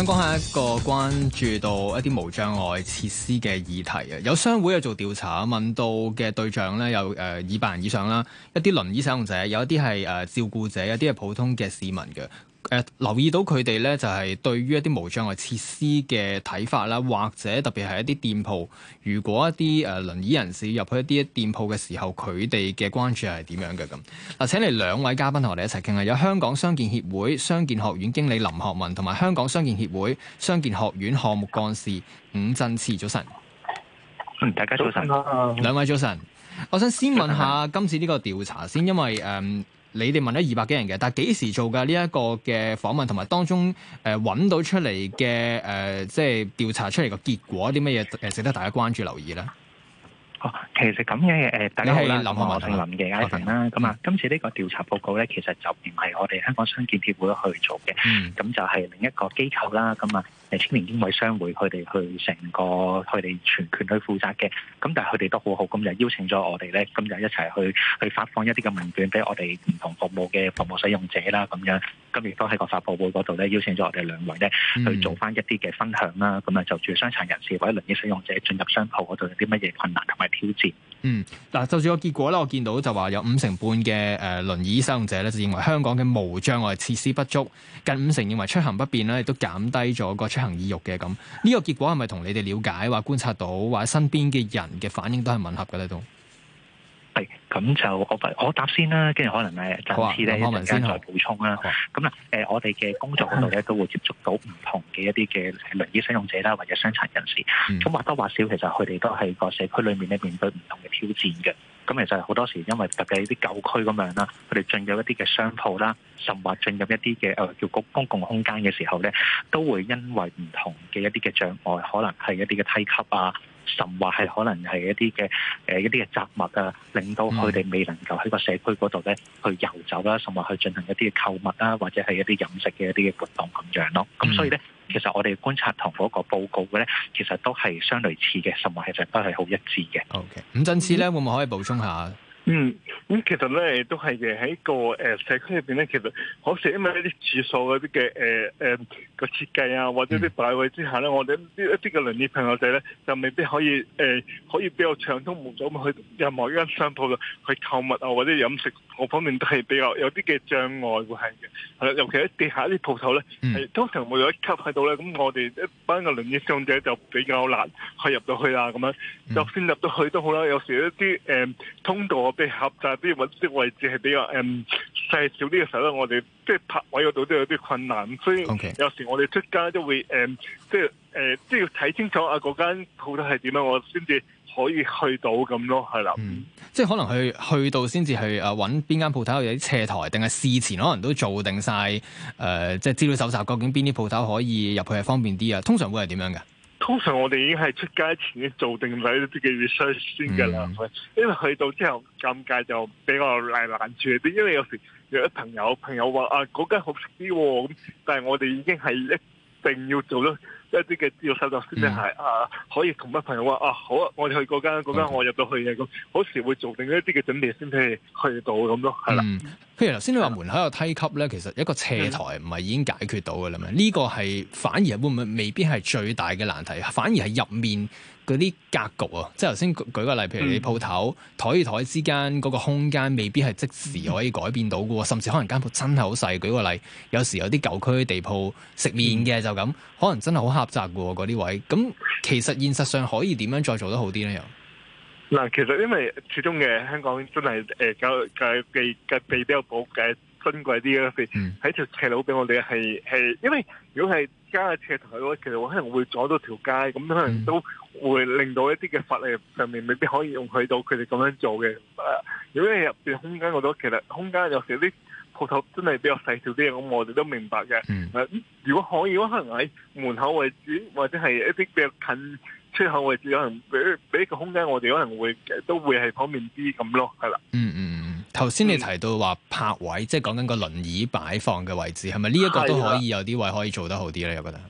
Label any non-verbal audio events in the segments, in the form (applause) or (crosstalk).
想講下一個關注到一啲無障礙設施嘅議題啊！有商會啊做調查，問到嘅對象咧有誒二百人以上啦，一啲輪椅使用者，有一啲係誒照顧者，有啲係普通嘅市民嘅。誒、呃、留意到佢哋咧，就係、是、對於一啲無障礙設施嘅睇法啦，或者特別係一啲店鋪，如果一啲誒、呃、輪椅人士入去一啲店鋪嘅時候，佢哋嘅關注係點樣嘅咁？嗱，請嚟兩位嘉賓同我哋一齊傾下。有香港傷健協會傷健學院經理林學文，同埋香港傷健協會傷健學院項目幹事伍振熾，早晨。嗯，大家早晨。兩位早晨。我想先問下今次呢個調查先，因為誒。嗯你哋問咗二百幾人嘅，但係幾時做嘅呢一個嘅訪問，同埋當中誒揾、呃、到出嚟嘅誒，即、呃、係、就是、調查出嚟嘅結果，啲乜嘢誒值得大家關注留意咧？其實咁嘅誒，大家林嘅 iPhone 啦，咁啊，啊嗯、今次呢個調查報告咧，其實就唔係我哋香港傷健協會去做嘅，咁、嗯嗯嗯、就係另一個機構啦，咁啊，誒青年經委商會佢哋去成個佢哋全權去負責嘅，咁但係佢哋都好好，咁就邀請咗我哋咧，咁就一齊去去發放一啲嘅問卷俾我哋唔同服務嘅服務使用者啦，咁、啊、樣，今日亦都喺個發佈會嗰度咧邀請咗我哋兩位咧去做翻一啲嘅分享啦，咁啊，啊就住傷殘人士或者輪椅使用者進入商鋪嗰度有啲乜嘢困難同埋挑戰。嗯，嗱、啊，就住個結果咧，我見到就話有五成半嘅誒輪椅使用者咧，就認為香港嘅無障礙設施不足，近五成認為出行不便咧，亦都減低咗個出行意欲嘅咁。呢、這個結果係咪同你哋了解或觀察到或者身邊嘅人嘅反應都係吻合嘅咧？都？係，咁就我不我答先啦，跟住可能誒暫時咧一陣間再補充啦。咁、嗯、啦，誒我哋嘅工作嗰度咧都會接觸到唔同嘅一啲嘅輪椅使用者啦，或者傷殘人士。咁或多或少其實佢哋都喺個社區裡面咧面對唔同嘅挑戰嘅。咁其實好多時因為特別係啲舊區咁樣啦，佢哋進入一啲嘅商鋪啦，甚或進入一啲嘅誒叫公公共空間嘅時候咧，都會因為唔同嘅一啲嘅障礙，可能係一啲嘅梯級啊。甚或係可能係一啲嘅誒一啲嘅雜物啊，令到佢哋未能夠喺個社區嗰度咧去遊走啦，甚或去進行一啲嘅購物啦、啊，或者係一啲飲食嘅一啲嘅活動咁樣咯、啊。咁、嗯、所以咧，其實我哋觀察同嗰個報告嘅咧，其實都係相類似嘅，甚或其實都係好一致嘅。OK，咁振熾咧，會唔會可以補充下？嗯，咁其實咧都係嘅喺個誒社區入邊咧，其實，、呃、其實好似因為一啲廁所嗰啲嘅誒誒個設計啊，或者啲擺位之下咧，我哋一啲嘅鄰里朋友仔咧就未必可以誒、呃、可以比較暢通無阻去任何一間商鋪度去購物啊或者飲食。各、嗯、方面都係比較有啲嘅障礙，會係嘅。係啦，尤其係地下啲鋪頭咧，係通常會有一級喺度咧。咁我哋一班嘅輪椅使用者就比較難去入到去啊。咁樣，就算入到去都好啦。有時一啲誒、嗯、通道嘅被狹窄啲，或者位置係比較誒、嗯、細小啲嘅時候咧，我哋即係泊位嗰度都有啲困難。所以有時我哋出街都會誒、嗯，即係誒、呃，即係要睇清楚啊嗰間鋪頭係點樣，我先至，可以去到咁咯，係啦。嗯，即係可能去去到先至去啊，揾邊間鋪頭有啲斜台，定係事前可能都做定晒誒，即係資料搜集，究竟邊啲鋪頭可以入去係方便啲啊？通常會係點樣嘅？通常我哋已經係出街前已經做定晒呢啲嘅 research 先嘅啦，嗯、因為去到之後尷尬就比較嚟難處啲，因為有時約咗朋友朋友話啊嗰間好食啲，哦，但係我哋已經係一定要做咯。一啲嘅要手續先至係啊，可以同乜朋友話啊，好啊，我哋去嗰間我入到去嘅咁，好時會做定一啲嘅準備先俾去到咁咯，係啦、嗯。譬如頭先你話門口有梯級咧，其實一個斜台唔係已經解決到嘅啦咩？呢、呢個係反而會唔會未必係最大嘅難題，反而係入面。嗰啲格局啊，即係頭先舉個例，譬如你鋪頭台與台之間嗰、嗰個空間未必係即時可以改變到嘅，甚至可能間鋪真係好細。舉個例，有時有啲舊區地鋪食麵嘅就咁，可能真係好狹窄嘅嗰啲位。咁、嗯、其實現實上可以點樣再做得好啲呢？又嗱，其實因為始終嘅香港真係誒，地、呃、比較寶貴、珍貴啲咯。嗯。喺條斜路俾我哋係係，因為如果係加斜台嘅話，其實可能會阻到條街，咁可能都。嗯會令到一啲嘅法例上面未必可以用佢到佢哋咁樣做嘅。如果你入邊空間我諗，其實空間有時啲鋪頭真係比較細小啲，咁我哋都明白嘅。嗯、如果可以可能喺門口位置或者係一啲比較近出口位置，可能俾俾個空間我哋，可能會都會係方便啲咁咯，係啦、嗯。嗯嗯嗯。頭先你提到話泊位，嗯、即係講緊個輪椅擺放嘅位置，係咪呢一個都可以有啲位可以做得好啲咧？有的覺得。誒、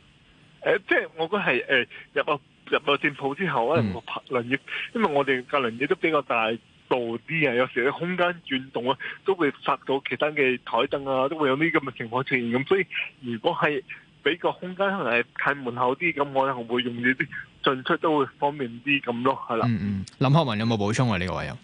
呃，即係我覺得係誒，有、呃、個。入到店鋪之後咧，我怕輪椅，因為我哋隔輪椅都比較大度啲啊，有時啲空間轉動啊，都會發到其他嘅台凳啊，都會有啲咁嘅情況出現咁，所以如果係俾個空間可能係近門口啲咁，我係會用呢啲進出都會方便啲咁咯，係啦。嗯嗯，林學文有冇補充啊？呢、這個位呀？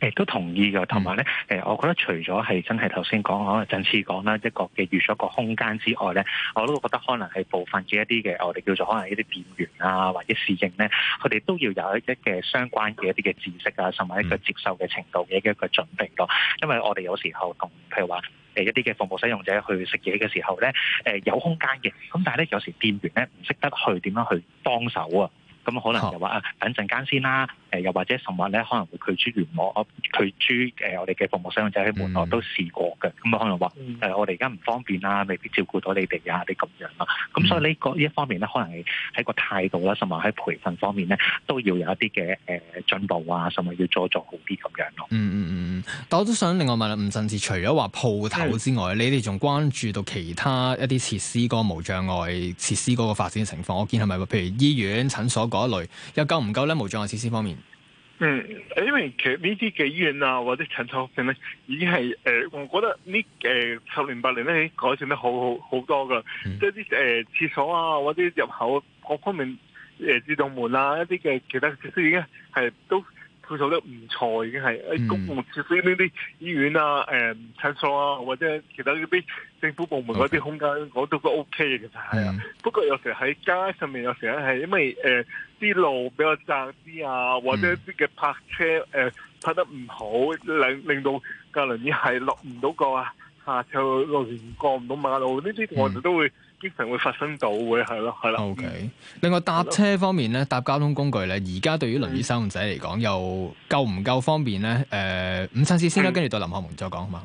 亦都同意嘅，同埋咧，誒，我覺得除咗係真係頭先講可能陣次講啦，一個嘅預咗個空間之外咧，我都覺得可能係部分嘅一啲嘅我哋叫做可能一啲店員啊，或者侍應咧，佢哋都要有一啲嘅相關嘅一啲嘅知識啊，甚至一個接受嘅程度嘅一個準備咯。因為我哋有時候同譬如話誒一啲嘅服務使用者去食嘢嘅時候咧，誒、呃、有空間嘅，咁但係咧，有時店員咧唔識得去點樣去幫手啊。咁、嗯嗯、可能就話啊，等陣間先啦。誒，又或者甚至咧，可能會拒絕門我。拒絕誒，我哋嘅服務商就喺門外都試過嘅。咁、嗯、可能話誒、嗯呃，我哋而家唔方便啦，未必照顧到你哋啊，啲咁樣啦。咁所以呢個呢一方面咧，可能係喺個態度啦，甚至喺培訓方面咧，都要有一啲嘅誒進步啊，甚至要再做，做好啲咁樣咯。嗯嗯嗯嗯。但我都想另外問下伍振熾，除咗話鋪頭之外，嗯、你哋仲關注到其他一啲設施個無障礙設施嗰個發展情況？我見係咪譬如醫院診所考慮又夠唔夠咧？無障礙設施方面，嗯，因為其實呢啲嘅醫院啊或者診所方面，已經係誒、呃，我覺得呢誒十年八年咧改善得好好好多噶，即係啲誒廁所啊或者入口各方面誒、呃、自動門啊一啲嘅其他設施已經係都。佢做得唔錯已經係，啲公共設施呢啲醫院啊、誒診所啊，或者其他嗰啲政府部門嗰啲空間，我 Okay. 都都 OK 嘅，其實係啊。嗯、不過有時喺街上面，有時咧係因為誒啲、呃、路比較窄啲啊，或者啲嘅泊車誒、呃、泊得唔好，令令到架輪椅係落唔到個啊，就落唔過唔到馬路，呢啲我哋都會。經常會發生到嘅係咯，係咯。O、okay. K，另外搭車方面咧，搭交通工具咧，而家對於輪椅使用者嚟講，又夠唔夠方便咧？誒、呃，伍振熾先啦，跟住到林學文再講好嘛？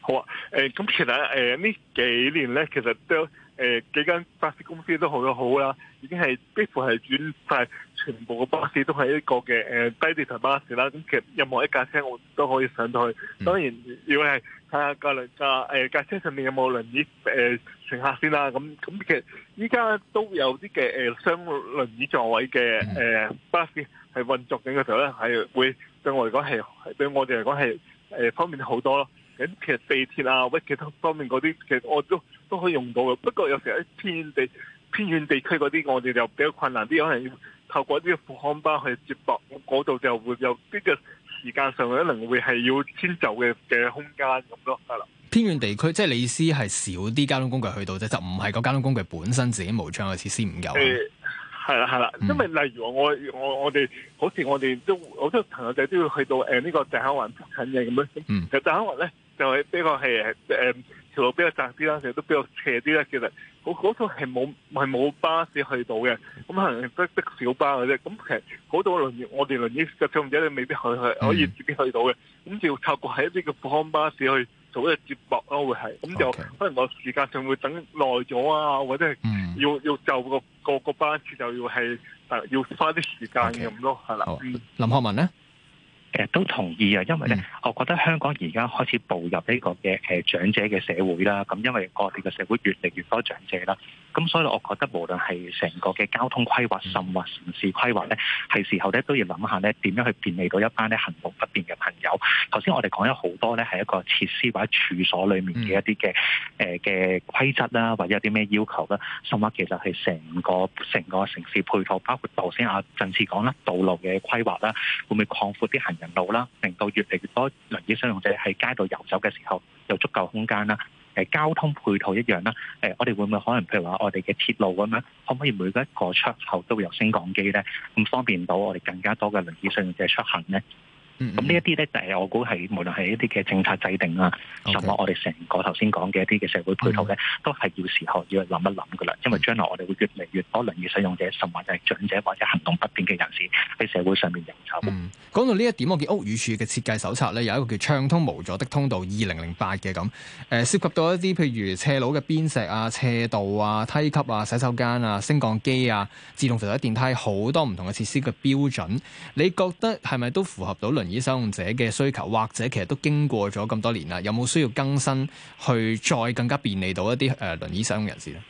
好啊，誒、呃，咁其實誒呢、呃、幾年咧，其實都。誒幾間巴士公司都好咗好啦，已經係幾乎係轉晒全部嘅巴士都係一個嘅誒低地台巴士啦。咁其實任何一架車我都可以上到去。當然如果係睇下隔籬架誒架車上面有冇輪椅誒、呃、乘客先啦。咁咁其實依家都有啲嘅雙輪椅座位嘅誒、呃、巴士係運作緊嘅時候咧，係會對我嚟講係對我哋嚟講係誒方便好多咯。咁其實地鐵啊，或者其他方面嗰啲，其實我都都可以用到嘅。不過有時喺偏遠地偏遠地區嗰啲，我哋就比較困難啲，可能要透過啲復康巴去接駁，嗰度就會有啲嘅時間上可能會係要遷就嘅嘅空間咁咯。係啦，偏遠地區即係你意思係少啲交通工具去到啫，就唔係個交通工具本身自己無障嘅設施唔夠。係啦係啦，mm. 因為例如我我我哋好似我哋都好多朋友仔都要去到誒呢、呃呢個大口灣附近嘅咁樣。其實大口灣咧就係呢個係誒誒條路比較窄啲啦，其實都比較斜啲啦。其實好好係冇係冇巴士去到嘅，咁可能逼滴小巴嘅啫。咁其實好多輪我哋輪椅嘅使用者咧未必去去、mm. 可以自己去到嘅，咁就要透過係一啲嘅康巴士去做一接駁咯，會係咁就可能我時間上會等耐咗啊，或者要要就個。Mm. 個個班次就要係要花啲時間咁咯，係 Okay. 啦。 (noise) 林學文咧？誒都同意啊，因為咧，我覺得香港而家開始步入呢個嘅誒長者嘅社會啦。咁因為各地嘅社會越嚟越多長者啦，咁所以我覺得無論係成個嘅交通規劃，甚或城市規劃咧，係時候咧都要諗下咧，點樣去便利到一班咧行動不便嘅朋友。頭先我哋講咗好多咧，係一個設施或者處所裏面嘅一啲嘅誒嘅規則啦，或者有啲咩要求啦，甚或其實係成個成個城市配套，包括頭先阿振熾講啦，道路嘅規劃啦，會唔會擴闊啲行路啦，令到越嚟越多輪椅使用者喺街道遊走嘅時候有足夠空間啦。誒，交通配套一樣啦。誒，我哋會唔會可能譬如話我哋嘅鐵路咁樣，可唔可以每一個出口都會有升降機呢？咁方便到我哋更加多嘅輪椅使用者出行呢？咁、嗯嗯、呢一啲咧，就係我估係無論係一啲嘅政策制定啊，甚或 Okay, 我哋成個頭先講嘅一啲嘅社會配套咧，嗯、都係要時候要諗一諗嘅啦。因為將來我哋會越嚟越多輪椅使用者，甚或係長者或者行動不便嘅人士喺社會上面行走。講到呢一點，我見屋宇署嘅設計手冊咧，有一個叫《暢通無阻的通道二零零八》嘅咁，誒、呃、涉及到一啲譬如斜路嘅邊石啊、斜道啊、梯級啊、洗手間啊、升降機啊、自動扶手電梯好多唔同嘅設施嘅標準，你覺得係咪都符合到輪啲使用者嘅需求，或者其實都經過咗咁多年啦，有冇需要更新，去再更加便利到一啲誒、呃、輪椅使用人士咧？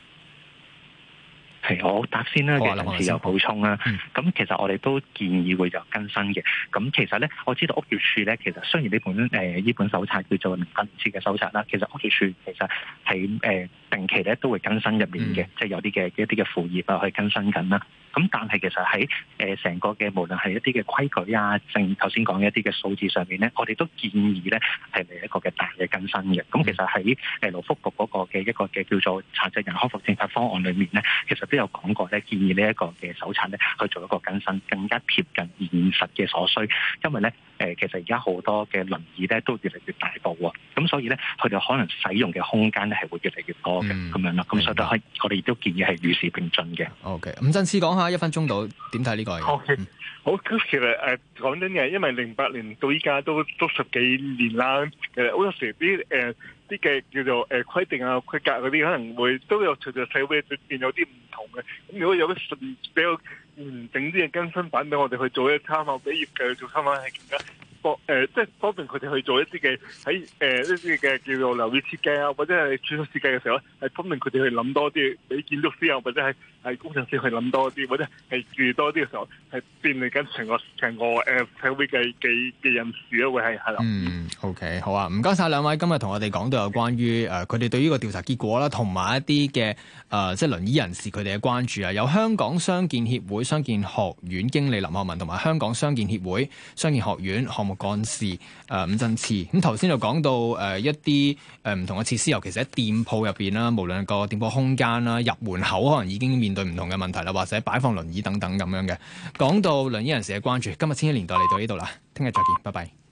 係我先答先啦，嘅好人士有補充啦。咁其實我哋都建議會就更新嘅。咁其實咧，我知道屋宇署咧，其實雖然呢本誒呢、呃、本手冊叫做《輪椅人嘅手冊》啦，其實屋宇署其實係誒、呃、定期咧都會更新入面嘅，嗯、即係有啲嘅一啲嘅副業啊去更新緊啦。咁但係其實喺誒成個嘅，無論係一啲嘅規矩啊，正頭先講一啲嘅數字上面咧，我哋都建議咧係嚟一個嘅大嘅更新嘅。咁其實喺誒勞福局嗰個嘅一個嘅叫做殘疾人康復政策方案裏面咧，其實都有講過咧，建議呢一個嘅手冊咧去做一個更新，更加貼近現實嘅所需。因為咧誒，其實而家好多嘅輪椅咧都越嚟越大部啊，咁所以咧佢哋可能使用嘅空間咧係會越嚟越多嘅咁、嗯、樣啦。咁所以都係我哋亦都建議係與時並進嘅。OK，咁陣時講差一分鐘到，點睇呢個？O Okay . K、嗯、好咁，其實誒講真嘅，因為零八年到依家都都十幾年啦。其實好多時啲誒啲嘅叫做誒、呃、規定啊規格嗰啲，可能會都有隨住社會轉變有啲唔同嘅。咁如果有啲比較完整啲嘅更新版俾我哋去做一參考，俾業界去做參考，係更加方、呃、即係方便佢哋去做一啲嘅喺誒一啲嘅叫做留意設計啊，或者係建築設計嘅時候，係方便佢哋去諗多啲俾建築師啊，或者係。係工程師去諗多啲，或者係住多啲嘅時候，係便利緊成個成個誒社會嘅嘅嘅人士咯，會係係咯。嗯，OK，好啊，唔該晒。兩位今日同我哋講到有關於誒佢哋對於個調查結果啦，同埋一啲嘅誒即係輪椅人士佢哋嘅關注啊。有香港傷健協會傷健學院經理林學文，同埋香港傷健協會傷健學院項目幹事誒伍振熾。咁頭先就講到誒、呃、一啲誒唔同嘅設施，尤其是喺店鋪入邊啦，無論個店鋪空間啦，入門口可能已經面。對唔同嘅問題啦，或者擺放輪椅等等咁樣嘅。講到輪椅人士嘅關注，今日千禧年代嚟到呢度啦，聽日再見，拜拜。